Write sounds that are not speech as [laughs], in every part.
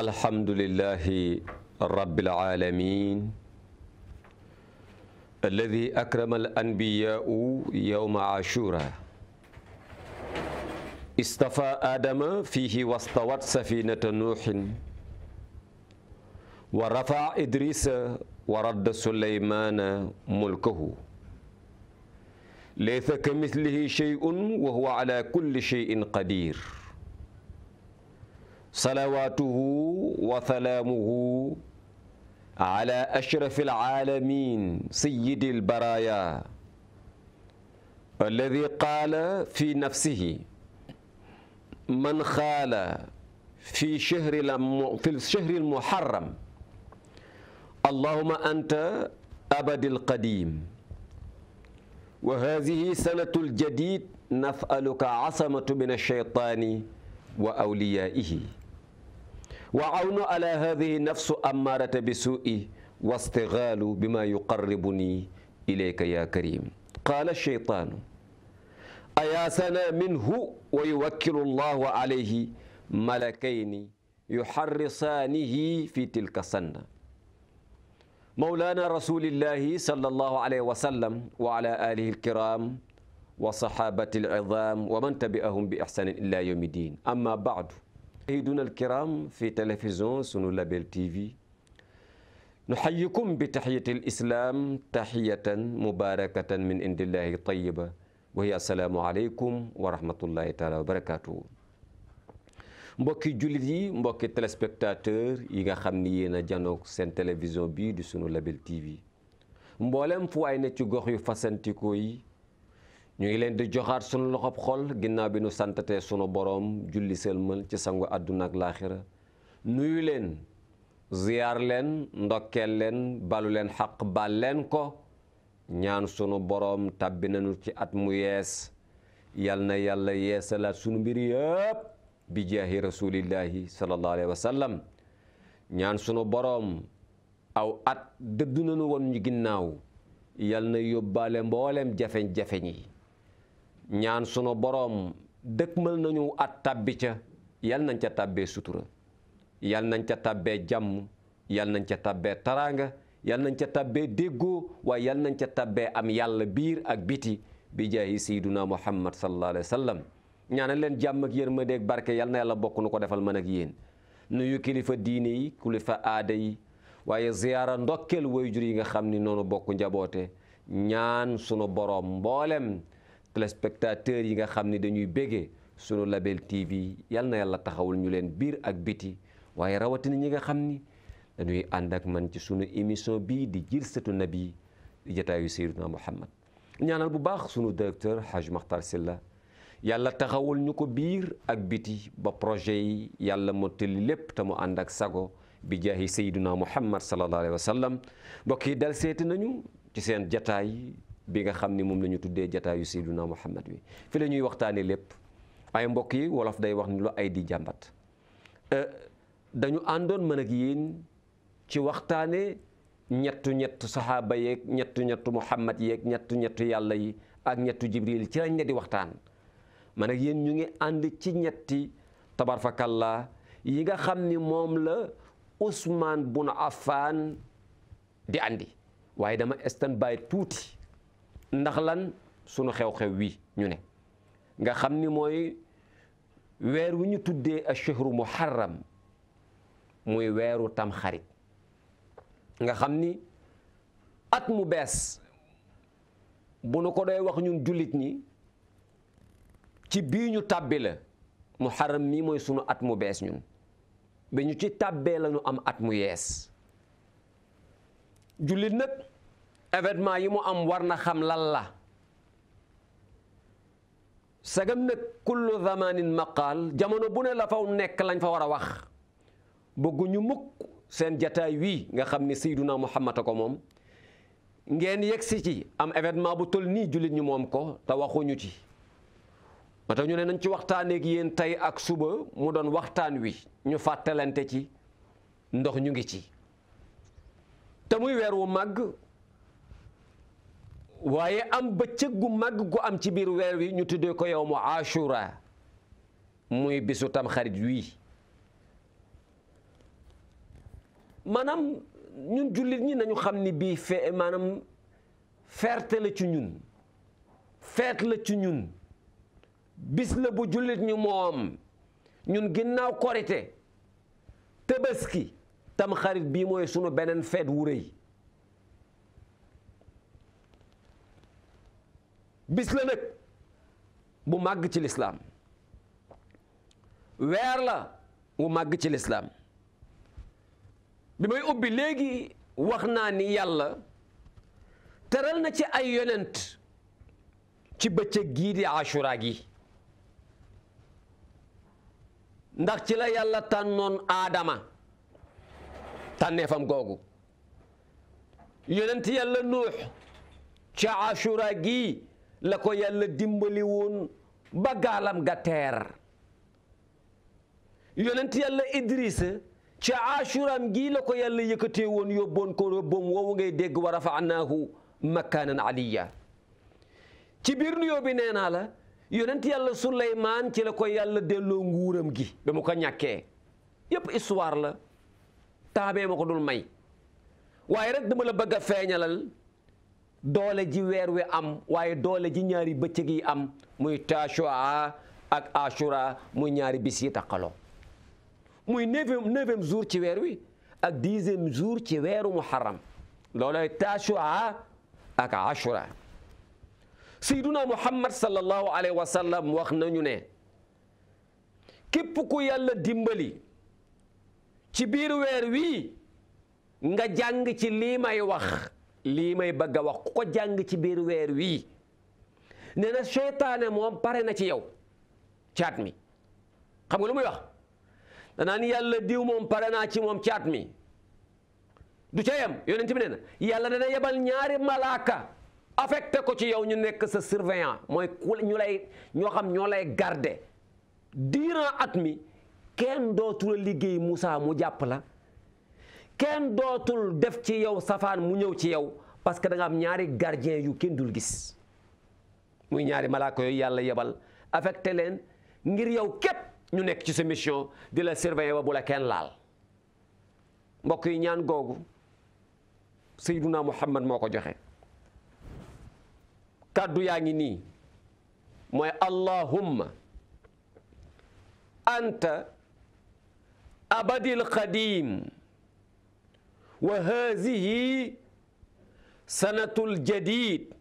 alhamdulillah rabbil aalamiin alladi akrama al anbiyaau yowma ashura istafa aadama fiihi wastawat safinata nuuhin wa rafa idrisa wa radda sulaymana mulkahu laysa ka mislihi sheyun wa huwa ala kulli sheyin qadir salawaatuhu wa salaamuhu ala ashrafi alcaalamin sayidi albaraya alladi qaala fi nafsihi man xaala fi shahri fi shahri almuharram allahuma anta abadi alqadim wa hadihi sanatu aljadid nasaluka asamatu min alshaytaani wa awliyaihi wa awnu ala hadihi nafsu ammarata bi suui wastigaalu bima yuqarribuni ilayka ya karim qaala sheytaanu ayaasana minhu wa yuwakkilu allahu alayhi malakayni yuxarrisaanihi fi tilka sanna mawlaana rasulillahi sallallahu alayhi wa sallam wa ala alihi alkiram wa sahabati alidam wa man tabi'ahum bi ixsanin ila yawmi din amma baadu sayyiduna alkiram fi télévision sunu label tv nuxayikum bi taxiyati islam taxiyatan mubarakatan min indillahi tayiba wa hiya assalaamu aleykum wa rahmatullahi taala wa barakatuhu mbokki jullit yi mbokki téléspectateur yi nga xam ni yéen a sen seen télévision bii di sunu label tv mboolem fu waay ne ci gox yu fasantikoo yi ñu ngi leen di joxaat sunu loxob xol ginnaaw bi nu santatee sunu boroom julli sëlmal ci sangu àdduna ak laaxira nuyu leen ziyaar leen ndokkeel leen balu leen xaq bal leen ko ñaan sunu boroom tàbbi nañu ci at mu yees yal na yàlla yeesalaat sunu mbir yëpp bi jaahi rasulillahi sallallahu alayhi wa sallam ñaan sunu boroom aw at dëddu nañu woon ñu ginnaaw yal na yóbbaale mbooleem jafeñ-jafeñ yi ñaan sunu boroom dëkkmal nañu at tabbi ca yal nañ ca tabbee sutura yal nañ ca tabbee jàmm yal nañ ca tabbee taraanga yal nañ ca tabbee déggoo waaye yal nañ ca tabbee am yàlla biir ak biti bi jaayi sayyiduna muhammad sallallahu alayhi wa sallam ñaanal leen jàmm ak ma ak barke yal na yàlla bokk nu ko defal mën ak yéen nuyu kilifa diine yi kilifa aada yi waaye ziyaara ndokkeel wayjur yi nga xam ni noonu bokk njaboote ñaan sunu boroom mboolem téléspectateurs yi nga xam ne dañuy béggee sunu label TV yal na yàlla taxawul ñu leen biir ak biti waaye rawatina ñi nga xam ni dañuy ànd ak man ci sunu émission bii di jilsatu nabi di jataayu sayyiduna Muhammad ñaanal bu baax sunu directeur Haj Makhtar Silla yàlla taxawul ñu ko biir ak biti ba projet yi yàlla mottali lépp te mu ànd ak sago bi jaahi sayyiduna Muhammad sallallahu alayhi wa sallam mbokk yi dal seeti nañu ci seen jataay bi nga xam ni moom la ñu tuddee jataayu Seydina Muhammad wi fi la ñuy waxtaanee lépp ay mbokk yi wolof day wax ni lu ay di jàmbat euh, dañu àndoon mën ak yéen ci waxtaane ñettu ñettu saxaaba yeeg ñettu ñettu yàlla yi ak ñettu Jibril ci di waxtaan man yéen ñu ngi ànd ci ñetti tabarfakalla yi nga xam ni moom la Ousmane bun Affan di andi waaye dama estan tuuti. ndax lan sunu xew-xew wi ñu ne nga xam ni mooy weer wu ñu tuddee ashhuru muharram muy weeru tamxarit nga xam ni at mu bees bu nu ko doy wax ñun jullit ni ci bii ñu tàbbi la muharram mii mooy sunu at mu bees ñun ba ñu ci tàbbee lañu am at mu yees jullit nag événement yi mu am war na xam lan la sagam nag kullu zamanin maqaal jamono bu ne la faw nekk lañ fa war a wax bëgguñu mukk seen jataay wii nga xam ni sayduna mu a ko moom ngeen yegsi ci am événement bu toll nii jullit ñi moom ko te waxuñu ci moo tax ñu ne nañ ci waxtaaneeg yéen tey ak suba mu doon waxtaan wi ñu fàttalante ci ndox ñu ngi ci te muy weer wu màgg waaye am bëccëg gu màgg gu am ci biir weer wi ñu tuddee ko yow mu ashura muy bisu tam xarit wii maanaam ñun jullit ñi nañu xam ni bii fee maanaam ferte la ci ñun feet la ci ñun bis la bu jullit ñu moom ñun ginnaaw korite tabaski tam xarit bii mooy sunu beneen feet wu rëy bis la bu màgg ci lislaam weer la wu màgg ci lislaam bi may ubbi léegi wax naa ni yàlla teral na ci ay yonent ci bëccëg giidi di ashura gi ndax ci la yàlla tànnoon aadama tànneefam googu yonent yàlla nuux ci ashura gii la ko yàlla dimbali woon ba gaalam ga teer yonent yàlla Idrissa ca ashuraam gii la ko yàlla yëkkatee woon yóbboon ko yóbboom woowu ngay dégg wa rafaanaahu makkaanan aliya ci biir nuyoo bi nee naa la yonent yàlla Suleymaan ci la ko yàlla delloo nguuram gi ba mu ko ñàkkee yëpp histoire la taabee ma ko dul may waaye rek dama la bëgg a feeñalal doole ji weer wi am waaye doole ji ñaari bëccëg yi am muy tashua ak ashura muy ñaari bis yi taqaloo muy neuvième neuvième jour ci weer wi ak dixième jour ci weeru muharram loolooy tashua ak ashura sayduna muhammad sallallahu alayhi wa sallam wax nañu ne képp ku yàlla dimbali ci biir weer wi nga jàng ci lii may wax lii may bëgg a wax ko jàng ci biir weer wii nena na moom pare na ci yow caat mi xam nga lu muy wax danaan yàlla diw moom pare naa ci moom ci at mi du ca yem yonent bi nee na yàlla dana yebal ñaari malaaka affecté ko ci yow ñu nekk sa surveillant mooy ku ñu lay ñoo xam ñoo lay garde durant at mi kenn dootu la liggéey Moussa mu jàpp la kenn dootul def ci yow safaan mu ñëw ci yow parce que da am ñaari gardien yu kenn dul gis muy ñaari malaaka yooyu yàlla yebal affecté leen ngir yow képp ñu nekk ci sa mission di la surveiller ba bu la kenn laal mbokk yi ñaan googu sayyiduna muhammad moo ko joxe kàddu yaa ngi nii mooy allahumma anta abadil qadim wa haadihi sanatul jadid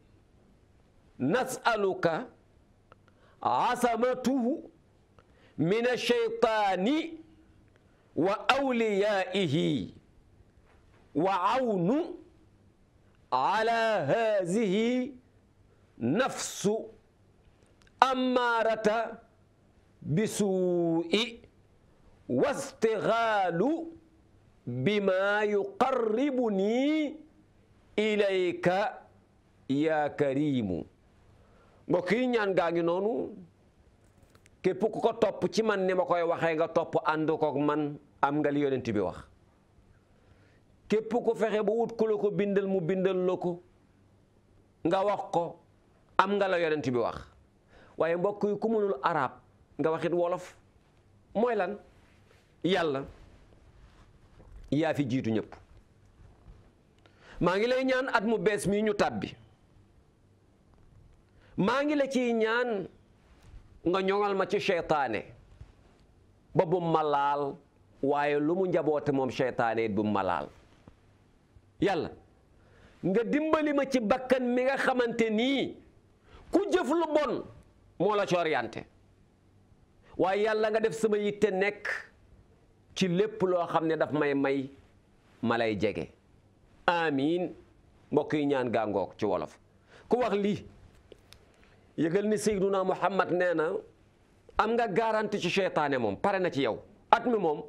nasaluka asamatuhu min asheytaani wa awliyaihi wa awnu ala haadihi nafsu ammaarata bisuu'i wastixaalu ma bima yuqarribuni ilayka ya karimu mbokk yi ñaan gaa ngi noonu képp ku ko topp ci man ni ma koy waxee nga topp ànd kook man am nga li yonent bi wax képp ku fexe ba wut ku la ko bindal mu bindal la ko nga wax ko am nga la yonent bi wax waaye mbokk yi ku mënul arab nga waxit wolof mooy lan yàlla yaa fi jiitu ñëpp maa ngi lay ñaan at mu bees mii ñu tàbbi maa ngi la ci ñaan nga ñoŋal ma ci seytaane ba bu ma waaye lu mu njaboote moom seytaane it bu ma laal yàlla nga dimbali ma ci bakkan mi nga xamante nii ku jëf lu bon moo la ci orienté waaye yàlla nga def sama yitte nekk ci lépp loo xam ne daf may may malay lay jege amiin mbokk yi ñaan gàngoog ci wolof ku wax lii yëgal ni Seyduna Muhammad nee na am nga garanti ci seytaane moom pare na ci yow at mi moom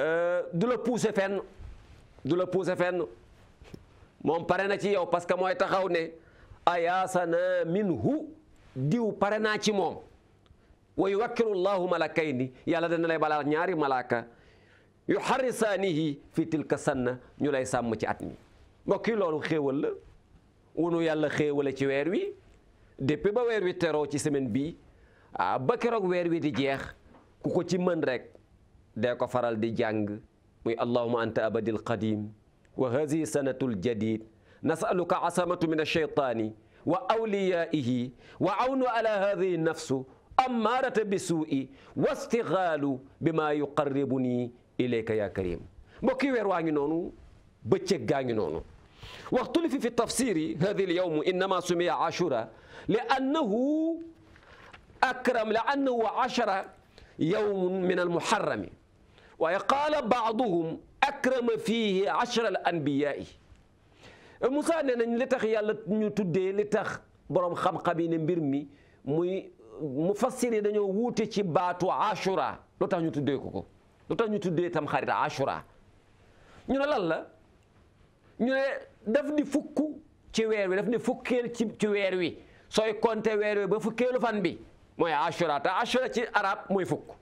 euh, du la poussé fenn du la poussé fenn moom pare na ci yow parce que mooy taxaw ne ayaasana minhu diw pare naa ci moom wa yuwakkiru llahu malakayni yàlla dana lay balaa ñaari malaaka yu xarisaanihi fi tilka sanna ñu lay sàmm ci at mi mbokk yi loolu xéewal la yàlla xéewale ci weer wi depuis ba weer wi teroo ci semaine bi ah ba keroog weer wi di jeex ku ko ci mën rek dee ko faral di jàng muy allahuma anta abadil qadim wa hazihi sanatul jadid nasaluka asamatu min alcheytaani wa awliyaihi wa awnu ala hadihi nafsu al'ammarata bisu'i wastighalu bima yuqarribuni ilayka ya karim mbokk yi weer waa ngi noonu bëccëg gaa ngi noonu waxtulifi fi tafsiri hadi alyawm innama sumiya ashura li annahu akram li annahu ashara yawmun min almuharrami waaye qaala baaduhum akrama fihi ashara al anbiyaa'i Moussa nee nañ li tax yàlla ñu tuddee li tax borom xam-xam yi ne mbir mi muy mu mufassir yi dañoo wuute ci baatu ashura lu tax ñu tuddee ko lu tax ñu tuddee tam xarit ashura ñu ne lan la ñu ne daf di fukk ci weer wi daf ne fukkeel ci ci weer wi sooy compter ba fukkeelu fan bi mooy ashura te ashura ci arab mooy fukk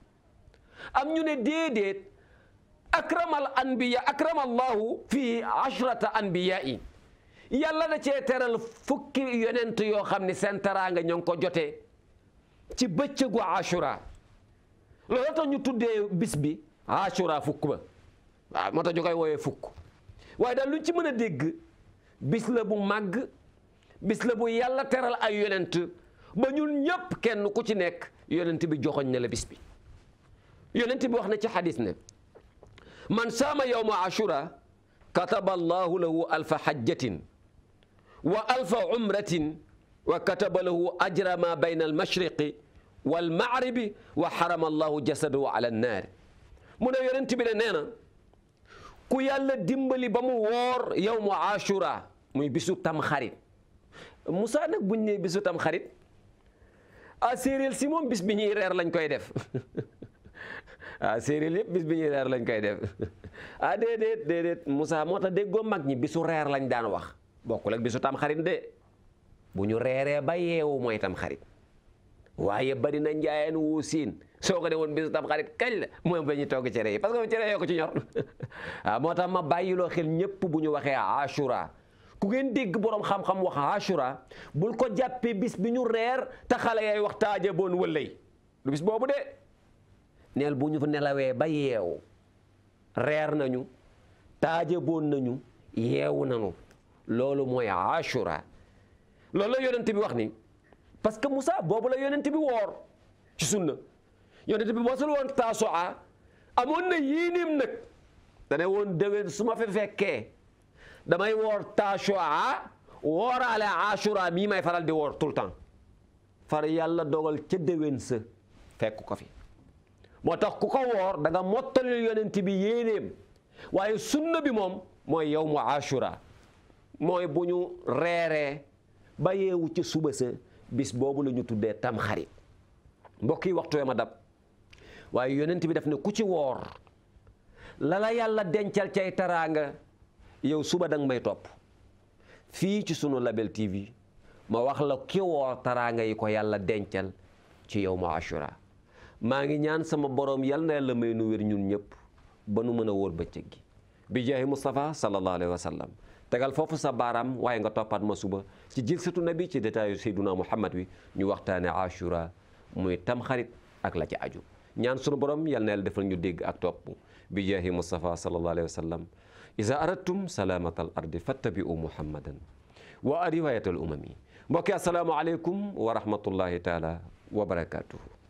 am ñu ne déedéet akramal anbiya akramallahu fii ashrata anbiya'i yàlla da cee teral fukki yonent yoo xam ni seen teraanga ñoo ngi ko jotee ci bëccëgu ashura loolu tax ñu tuddee bis bi ashura fukk ba waaw moo tax koy wooyee fukk waaye daal luñ ci mën a dégg bis la bu màgg bis la bu yàlla teral ay yonent ba ñun ñëpp kenn ku ci nekk yonent bi joxoñ na la bis bi yonent bi wax na ci xadis ne man saama yawma ashura kataba allahu lahu alfa hajjatin wa alfa umratin wa kataba lahu ajra ma bayna almashriqi walmaghribi wa harama allahu jasadahu ala annaari mu ne yonent bi de nee na ku yàlla dimbali ba mu woor yow mu ashura muy bisu tam xarit Moussa nag buñ ne bisu tamxarit a séeréel si moom bis bi ñuy reer lañ koy def ah [laughs] séeréel yëpp bis bi ñuy reer lañ koy def [laughs] ah déedéet moo tax déggoo mag ñi bisu reer lañ daan wax bokkul ak bisu tam de bu ñu reeree ba yeewu mooy tam xarit waaye bari na njaayeen wu siin soo ko de woon bisu tam xarit kañ la mooy ba ñu togg cere yi parce que cere yoo ko ci ñor [laughs] ah moo tax ma bàyyiloo xel ñëpp bu ñu waxee ashura ku ngeen dégg borom xam-xam wax ashura bul ko jàppee bis bi ñu reer te xale yay wax taaje boon wëllëy lu bis boobu de neel bu ñu nelawee ba yeewu reer nañu taaje boon nañu yeewu nañu loolu mooy ashura loolu la yonent bi wax ni parce que Moussa boobu la yonent bi woor ci sunna yonent bi mosul woon taasuwaa amoon na yiinim nag dane woon déwén su ma fi fekkee damay woor taasuwaa wooraale ashura mii may faral di woor tout le temps far yàlla dogal ca déwén sa fekk ko fi moo tax ku ko woor da nga mottalil yonent bi yéeneem waaye sunna bi moom mooy yow mu ashura mooy bu ñu reeree ba yeewu ca suba sa bis boobu lañu ñu tuddee tamxarit mbokk yi waxtu ma dab waaye yonent bi daf ne ku ci woor lala yàlla dencal cay taraanga yow suba danga may topp fii ci sunu Label TV ma wax la ki woor taraanga yi ko yàlla dencal ci yow mu Ashura maa ngi ñaan sama borom yal na yàlla may nu wér ñun ñëpp ba nu mën a wóor bëccëg gi bi jaahi Mustafa sallallahu alayhi wa tegal foofu sa baaraam waaye nga toppaat ma suba ci jilsatu nabi ci détail sayduna muhammad wi ñu waxtaane ashura muy tamxarit ak la ci aju ñaan sunu borom yal na yàlla defal ñu dégg ak topp bi jaahi mustafa sallallahu alayhi wa sallam iza aradtum salamata al ardi fattabi'u muhammadan wa riwayatal umami mbokki assalaamu aleykum wa rahmatullahi taala wa barakatuhu